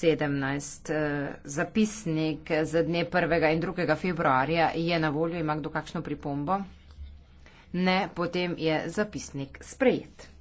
17. Eh, zapisnik za dne 1. in 2. februarja je na voljo. Ima kdo kakšno pripombo? Ne, potem je zapisnik sprejet.